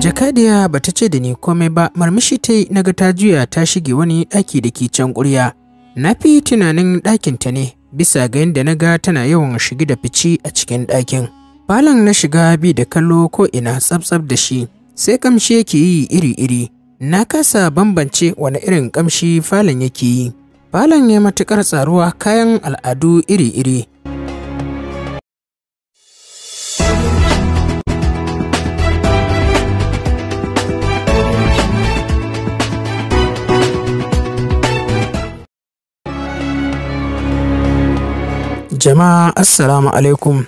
Jakadiya ba ta ce da ni komai ba marmishi ta yi na ga ta juya ta shige wani ɗaki da ke can ƙurya. Na fi tunanin ɗakinta ne bisa ga yadda na ga tana yawan shige da fici a cikin ɗakin. Falon na shiga bi da kallo ko ina tsabtsab da shi sai ƙamshi yake yi iri-iri. Na kasa bambance wani irin ƙamshi falon yake yi. Falon ya matuƙar tsaruwa kayan al'adu iri-iri Jama'a Assalamu alaikum.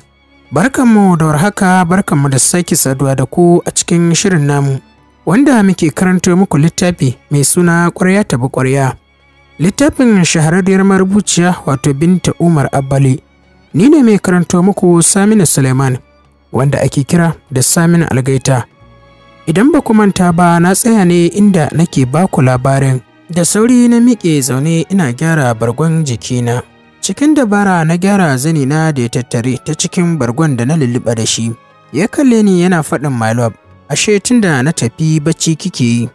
Barkanmu da warhaka, barkanmu da sake saduwa da ku a cikin shirin namu, wanda muke karanto muku littafi mai suna ƙwarya ta bi ƙwarya. Littafin shahararriyar marubuciya wato Binta Umar Abbali. Ni ne mai karanto muku Samina Suleiman, wanda ake kira da Saminu Algaita. Idan ba ku manta ba na tsaya ne inda nake baku labarin, da sauri na miƙe zaune ina gyara bargon jikina. Cikin dabara na gyara zani na da ya tattare ta cikin bargon da na lulluɓa da shi. Ya kalle ni yana faɗin my Ashe tun da na tafi bacci kike yi.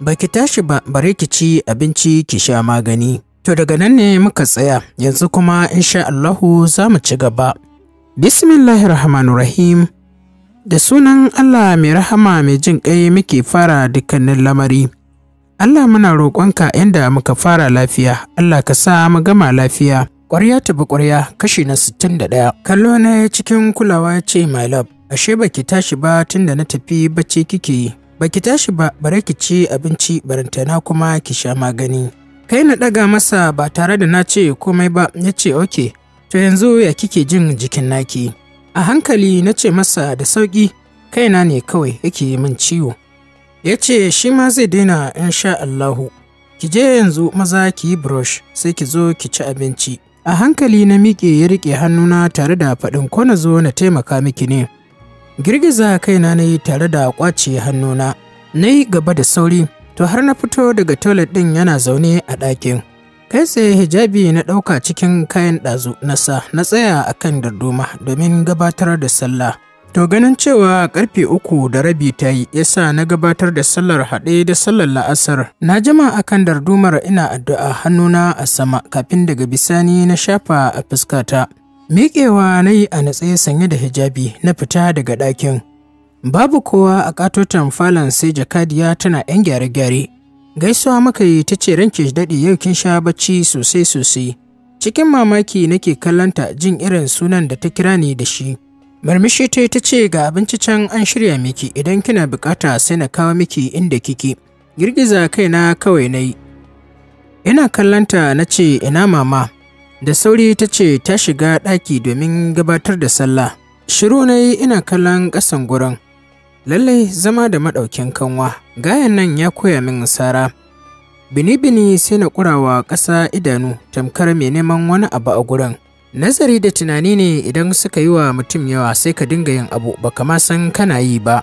Ba ki tashi ba bare ki ci abinci ki sha magani. To daga nan ne muka tsaya, yanzu kuma insha Allahu za mu ci gaba. Bismillahirrahmanirrahim. Da sunan Allah mai rahama mai jin ƙai muke fara dukkanin lamari. Allah muna roƙonka inda muka fara lafiya, Allah ka sa mu gama lafiya. Ƙwarya bi ƙwarya kashi na sittin da ɗaya. Kallo na cikin kulawa ya ce my love, ashe baki tashi ba tun da na tafi bacci kike yi. Baki tashi ba bare ki ci abinci barantana kuma ki sha magani. Kai na ɗaga masa ba tare da na ce komai ba ya ce "ok" To yanzu ya kike jin jikin naki. A hankali na ce masa da sauƙi kaina ne kawai yake min ciwo. Ya ce shi ma zai daina in sha Allahu. Ki je yanzu maza ki yi brush sai ki zo ki ci abinci. A hankali na miƙe ya riƙe hannuna tare da faɗin kwana zo na taimaka miki ne. Girgiza kaina na yi tare da ƙwace hannuna. Na yi gaba da sauri, to har na fito daga toilet ɗin yana zaune a ɗakin. Kai tsaye hijabi na ɗauka cikin kayan ɗazu na sa na tsaya a kan darduma domin gabatar da sallah. To ganin cewa karfe uku da rabi ta yi yasa na gabatar da sallar haɗe da sallar la'asar. Na jima a kan dardumar ina addu'a hannuna a sama kafin daga bisani na shafa a fuskata. Miƙewa na yi a natse sanye da hijabi na fita daga ɗakin. Babu kowa a ƙatoton falon sai jakadiya tana ‘yan gyare-gyare. Gaisuwa maka yi ta ce ranke daɗi yau kin sha bacci sosai-sosai. Cikin mamaki nake kallanta jin irin sunan da ta kira ni da shi. Marmishi ta ta ce ga abinci can an shirya miki idan kina bukata sai na kawo miki inda kike. Girgiza kaina kawai na yi. Ina kallanta na ce ina mama. Da sauri ta ce ta shiga ɗaki domin gabatar da sallah. Shiru na yi ina kallon ƙasan gurin. Lallai zama da maɗaukin kanwa, gayan nan ya koya min sara. Bini-bini sai na ƙurawa ƙasa idanu tamkar mai neman wani abu a gurin. Nazari da tunani ne idan suka yi wa mutum yawa sai ka dinga yin abu ba kama san kana yi ba.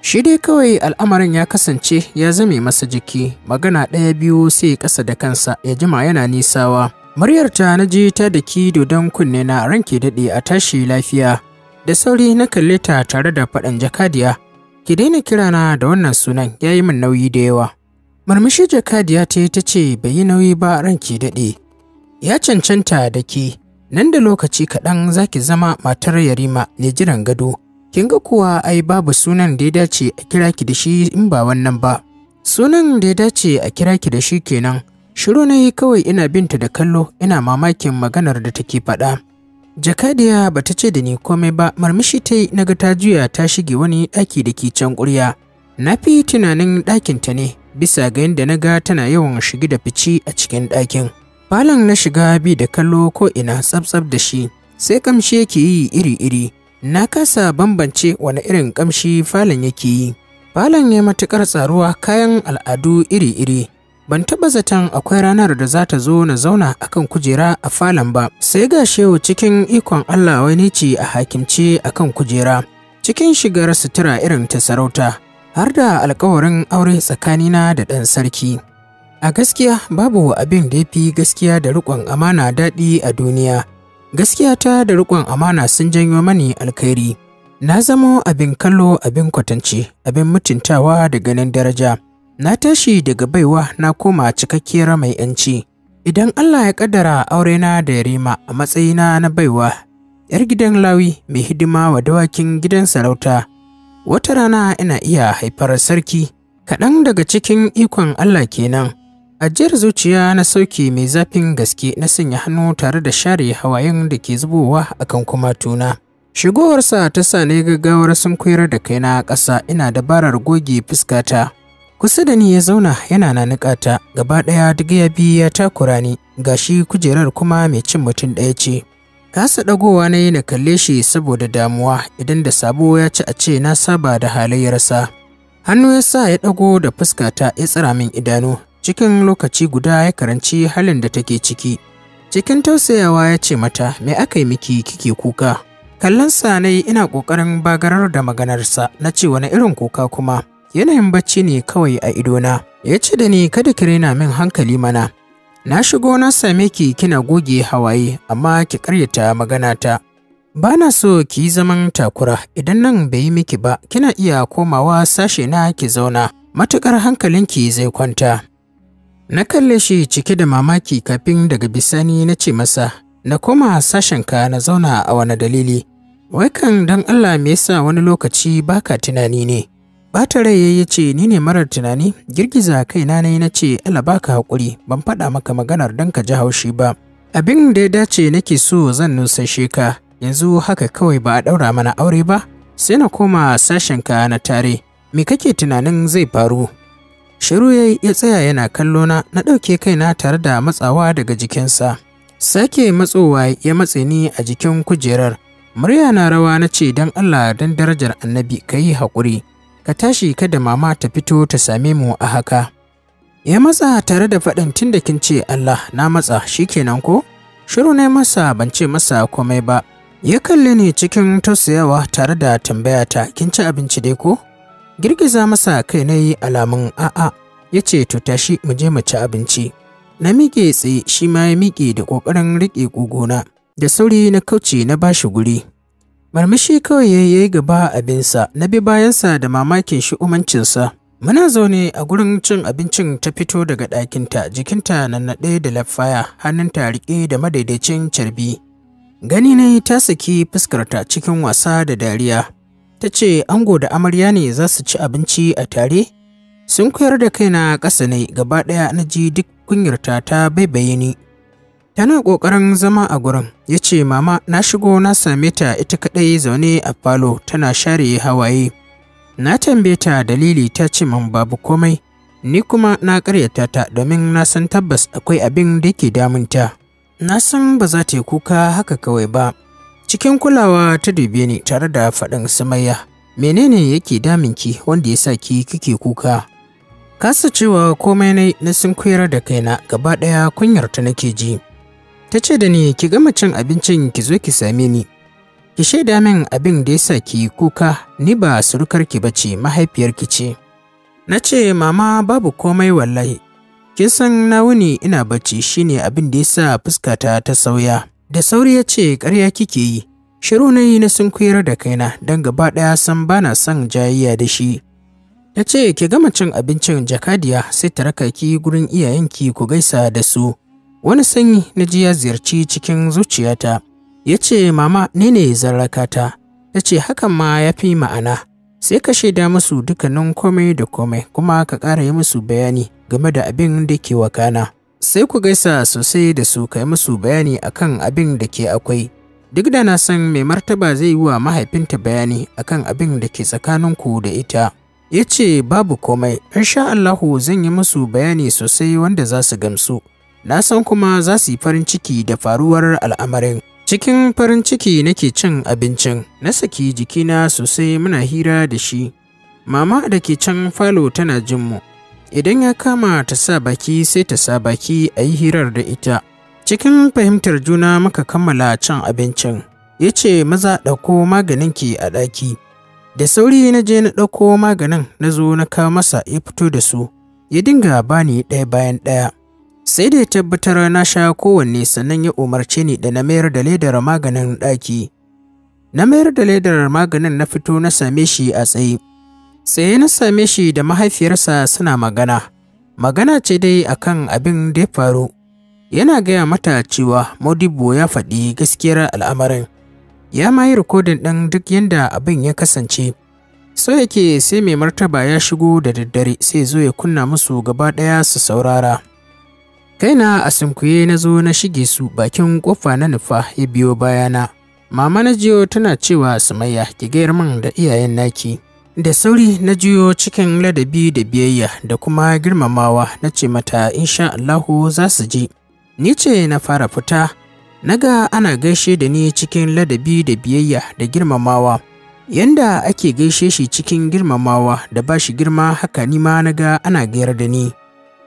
Shi dai kawai al'amarin ya kasance ya zame masa jiki, magana ɗaya biyu sai ƙasa da kansa ya jima yana nisawa. muryar ta na ji ta da ki dodon kunne na ranke daɗe a tashi lafiya. Da sauri na kalle ta tare da faɗan jakadiya. Ki daina kirana da wannan sunan ya yi min nauyi da yawa. murmushi jakadiya ta ta ce bai yi nauyi ba ranke daɗe. Ya cancanta da ke nan da lokaci kaɗan za ki zama matar yarima ne jiran gado kin ga kuwa ai babu sunan da ya dace a kira ki da shi in ba wannan ba sunan da ya dace a kira ki da shi kenan shiru na yi kawai ina binta da kallo ina mamakin maganar da take faɗa jakadiya ba ta ce da ni komai ba marmishi ta yi na ga ta juya ta shige wani ɗaki da ke can ƙurya na fi tunanin ɗakinta ne bisa ga yadda na ga tana yawan shige da fici a cikin ɗakin falon na shiga bi da kallo ko ina tsabtsab da shi sai kamshi yake yi iri-iri na kasa bambance wani irin kamshi falon yake yi falon ya matukar tsaruwa kayan al'adu iri-iri ban taɓa zaton akwai ranar da za ta zo na zauna akan kujera a falon ba sai ga shehu cikin ikon allah wani ce a hakimce akan kujera cikin shigar sutura irin ta sarauta har da alkawarin aure tsakanina da ɗan sarki A gaskiya babu abin da ya fi gaskiya da riƙon amana daɗi a duniya. Gaskiya ta da riƙon amana sun janyo mani alkhairi. Na zamo abin kallo abin kwatance, abin mutuntawa da ganin daraja. Na tashi daga baiwa na koma cikakkiyar mai ‘yanci. Idan Allah ya ƙaddara aurena da Yarima a matsayina na baiwa, ‘yar gidan Lawi mai hidima wa dawakin gidan sarauta, wata rana ina iya haifar sarki, kaɗan daga cikin ikon Allah kenan. Ajiyar zuciya na sauki mai zafin gaske na sanya hannu tare da share hawayen da ke zubowa a kan tuna. Shigowarsa ta sa ni gaggawar sun koyar da kaina ƙasa ina dabarar goge fuskata. Kusa da ni ya zauna yana na nukata gaba ɗaya duk ya bi ya takura ni gashi kujerar kuma mai cin mutum ɗaya ce. Kasa ɗagowa na yi na kalle shi saboda damuwa idan da sabo ya ci a ce na saba da halayyarsa. Hannu ya sa ya ɗago da fuskata ya tsira min idanu cikin lokaci guda ya karanci halin da take ciki cikin tausayawa ya ce mata me aka yi miki kike kuka kallon sa ne ina ƙoƙarin bagarar da maganarsa na ce wani irin kuka kuma yanayin bacci ne kawai a idona ya ce da ni kada ki raina min hankali mana na shigo na same ki kina goge hawaye amma ki ƙaryata maganata ba na so ki yi zaman takura idan nan bai yi miki ba kina iya komawa sashe na ki zauna matukar hankalinki zai kwanta Na kalle shi cike da mamaki kafin daga bisani na ce masa, na koma sashenka na zauna a wani dalili. Wai kan don Allah me yasa wani lokaci baka tunani ne? Bata rai ya ce ni ne marar tunani, girgiza kaina na na ce Allah baka haƙuri, ban faɗa maka maganar don ka ji haushi ba. Abin da ya dace nake so zan nusashe ka, yanzu haka kawai ba a ɗaura mana aure ba, sai na koma sashenka na tare. Me kake tunanin zai faru? Shiru ya ya tsaya yana kallo na na ɗauke kaina tare da matsawa daga jikinsa. Sake matsowa ya matse ni a jikin kujerar. Murya na rawa na ce don Allah don darajar annabi ka yi haƙuri. Ka tashi kada mama ta fito ta same mu a haka. Ya matsa tare da faɗin tun da kin ce Allah na matsa shi kenan ko? Shiru ne masa ban ce masa komai ba. Ya kalli ne cikin tausayawa tare da tambayata kin ci abinci dai ko? girgiza masa kai na yi alamun a'a ya ce to tashi mu je mu ci abinci na miƙe tsaye shi ma ya miƙe da ƙoƙarin riƙe ƙugona da sauri na kauce na ba shi guri marmashi kawai ya yi gaba abinsa na bi bayansa da mamakin shi umancinsa muna zaune a gurin cin abincin ta fito daga ɗakinta jikinta nannaɗe da lafaya hannunta riƙe da madaidaicin carbi gani na ta saki fuskarta cikin wasa da dariya ta ce ango da amarya ne za su ci abinci a tare sun koyar da kaina ƙasa ne gaba ɗaya na ji duk kunyarta ta baibaye ni tana ƙoƙarin zama a gurin ya ce mama na shigo na same ta ita kaɗai zaune a falo tana share hawaye na tambaye ta dalili ta ce man babu komai ni kuma na karyata ta domin na san tabbas akwai abin da ke damunta na san ba za ta yi kuka haka kawai ba Cikin kulawa ta dube ni tare da faɗin sumayya, menene yake ki wanda ya sa ki kike kuka? Kasa cewa komai ne na sun koyar da kaina gaba ɗaya kunyar ta nake ji. Ta ce da ni ki gama cin abincin ki zo ki same ni. Ki shaida min abin da ya sa ki kuka ni ba surukarki ba ce mahaifiyarki ce. Na ce mama babu komai wallahi kin san na wuni ina bacci shine abin da ya sa fuskata ta sauya Da sauri ya ce ƙarya kike yi, shiru na yi na sun kuyar da kaina don gaba ɗaya san ba na son jayayya da shi. Ya ce ki gama cin abincin jakadiya sai ta raka ki gurin iyayenki ku gaisa da su. Wani sanyi na ji ya ziyarci cikin zuciyata. Ya ce mama ne ne zarrakata. Ta ce hakan ma ya fi ma'ana. Sai ka shaida musu dukkanin komai da komai kuma ka ƙara yi musu bayani game da abin da ke wakana. sai ku gaisa sosai da su kai musu bayani akan abin da ke akwai duk da na san mai martaba zai yi wa mahaifinta bayani akan abin da ke tsakaninku da ita ya ce babu komai insha Allahu zan yi musu bayani sosai wanda za su gamsu na san kuma za su yi farin ciki da faruwar al'amarin cikin farin ciki nake cin abincin na saki jikina sosai muna hira da shi mama da ke can falo tana jin mu idan ya kama ta sa baki sai ta sa baki a yi hirar da ita cikin fahimtar juna muka kammala cin abincin ya ce maza ɗauko maganin ki a ɗaki da sauri na je na ɗauko maganin na zo na kawo masa ya fito da su ya dinga ba ni ɗaya bayan ɗaya sai da ya tabbatar na sha kowanne sannan ya umarce ni da na mayar da ledar maganin ɗaki na mayar da ledar maganin na fito na same shi a tsaye sai na same shi da mahaifiyarsa suna magana magana ce dai akan abin da ya faru yana gaya mata cewa modibo ya faɗi gaskiyar al'amarin ya ma yi rikodin ɗin duk yadda abin ya kasance so yake sai mai martaba ya shigo da daddare sai zo ya kunna musu gaba ɗaya su saurara kaina a sunkuye na zo na shige su bakin kofa na nufa ya biyo bayana mama na jiyo tana cewa sumayya ki gayar min da iyayen naki Da sauri na juyo cikin ladabi da biyayya da kuma girmamawa na ce mata insha Allahu za su ji. Ni ce na fara fita, naga ana gaishe da ni cikin ladabi da biyayya da girmamawa. Yanda ake gaishe shi cikin girmamawa da ba shi girma haka ni ma naga ana gayar da ni.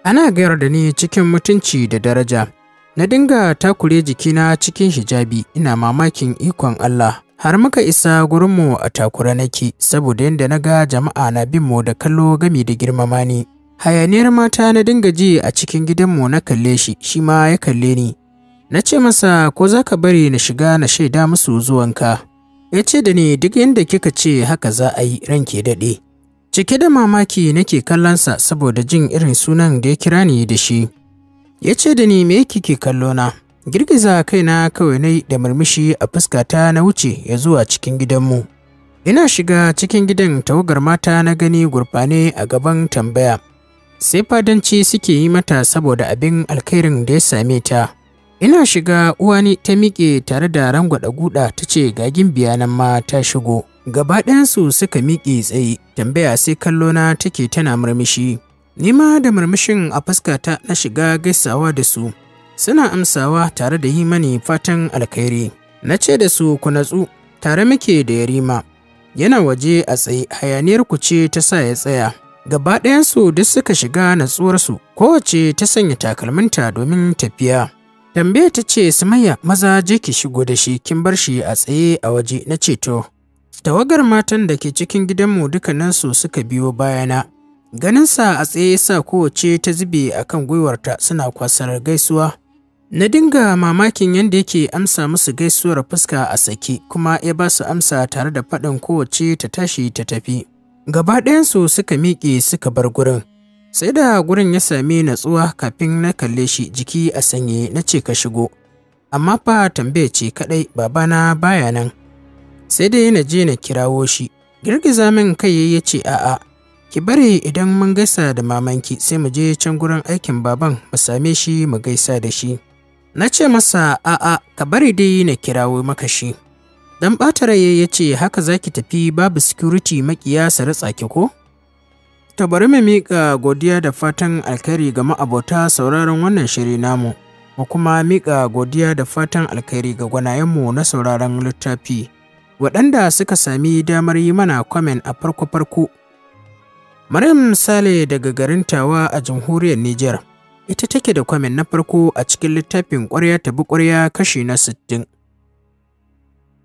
Ana gayar da ni cikin mutunci da daraja. Na dinga takure jikina cikin hijabi ina mamakin ikon Allah. har muka isa gurinmu a takura nake saboda yadda na ga jama'a na bin mu da kallo gami da girmama ni hayaniyar mata na dinga ji a cikin gidanmu na kalle shi shi ma ya kalle ni na ce masa ko za ka bari na shiga na shaida musu zuwanka ya ce da ni duk yadda kika ce haka za a yi ranke daɗe cike da mamaki nake kallonsa saboda jin irin sunan da ya kira ni da shi ya ce da ni me kike kallo na girgiza kaina kawai na da murmushi a fuskata na wuce ya zuwa cikin gidanmu ina shiga cikin gidan tawagar mata na gani gurfane a gaban tambaya sai fadanci suke yi mata saboda abin alkhairin da ya same ta ina shiga uwani ta miƙe tare da rangwada guda ta ce gagin nan ma ta shigo gaba ɗayansu suka miƙe tsaye tambaya sai kallo na take tana murmushi nima da murmushin a fuskata na shiga gaisawa da su Suna amsawa tare da yi mani fatan alkhairi. Na ce da su ku natsu, tare muke da yarima. Yana waje a tsaye hayaniyar ku ce ta sa ya tsaya. Gaba ɗayansu duk suka shiga natsuwarsu, kowace ta sanya takalminta domin tafiya. Tambaye ta ce, Sumayya, maza je ki shigo da shi, kin bar shi a tsaye a waje na ce to, Tawagar matan da ke cikin gidanmu dukkaninsu suka biyo bayana. Ganinsa a tsaye sa kowace ta zube akan gwiwarta suna kwasar gaisuwa. Na dinga mamakin yadda yake amsa musu gaisuwar fuska a sake kuma ya ba su amsa tare da faɗin kowace ta tashi ta tafi. Gaba ɗayansu suka miƙe suka bar gurin. Sai da gurin ya sami natsuwa kafin na kalle shi jiki a sanye na ce ka shigo. Amma fa tambaya ce kaɗai babana baya nan. Sai dai na je na kirawo shi. Girgiza min kai ya ce a'a. Ki bari idan mun gaisa da mamanki sai mu je can gurin aikin baban mu same shi mu gaisa da shi. Na ce masa a'a ka bari dai na kirawo maka shi. Dan ɓata raye ya ce haka za ki tafi babu sikuriti makiya su ritsa ki ko? Ta bari mu miƙa godiya da fatan alkhairi ga ma'abota sauraron wannan shiri namu. mu kuma miƙa godiya da fatan alkhairi ga gwanayenmu na sauraron littafi waɗanda suka sami damar yi mana kwamen a farko-farko. Maryam Sale daga garin Tawa a jamhuriyar Nijar. Ita take da kwamin na farko a cikin littafin ƙwarya ta bi ƙwarya kashi na sittin.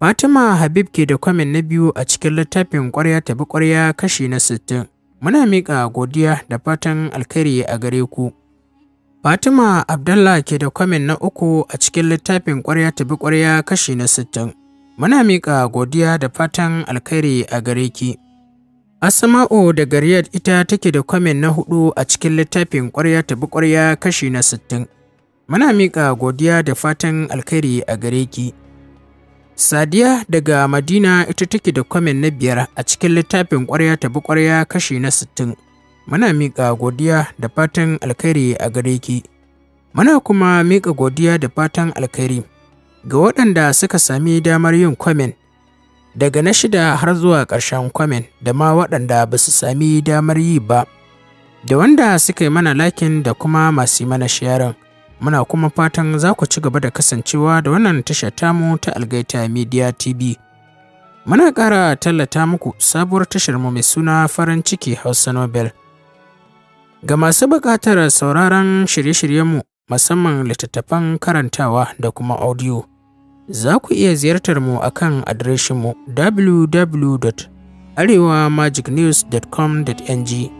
Fatima Habib ke da kwamin na biyu a cikin littafin ƙwarya ta bi ƙwarya kashi na sittin. Muna miƙa godiya da fatan alkhairi a gare ku. Fatima Abdallah ke da kwamin na uku a cikin littafin ƙwarya ta bi ƙwarya kashi na sittin. Muna miƙa godiya da fatan alkhairi a gare ki. Asma'u da Gariyar ita take da kwamen na hudu a cikin littafin ƙwarya tabi ƙwarya kashi na sittin. Muna miƙa godiya da fatan alkhairi a gare ki. Sadiya daga Madina ita take da kwamen na biyar a cikin littafin ƙwarya tabi ƙwarya kashi na sittin. Muna miƙa godiya da fatan alkhairi a gare ki. Muna kuma miƙa godiya da fatan alkhairi ga waɗanda suka sami damar yin kwamen daga na shida har zuwa ƙarshen kwamen da ma waɗanda ba su sami damar yi ba da wanda suka yi mana lakin da kuma masu mana sharing muna kuma fatan za ku ci gaba da kasancewa da wannan tasha tamu ta algaita media tv muna ƙara tallata muku sabuwar tashar mu mai suna farin ciki hausa nobel ga masu buƙatar sauraron shirye-shiryenmu musamman littattafan karantawa da kuma audio za ku iya ziyartar mu a kan adireshinmu www.arewamagicnews.com.ng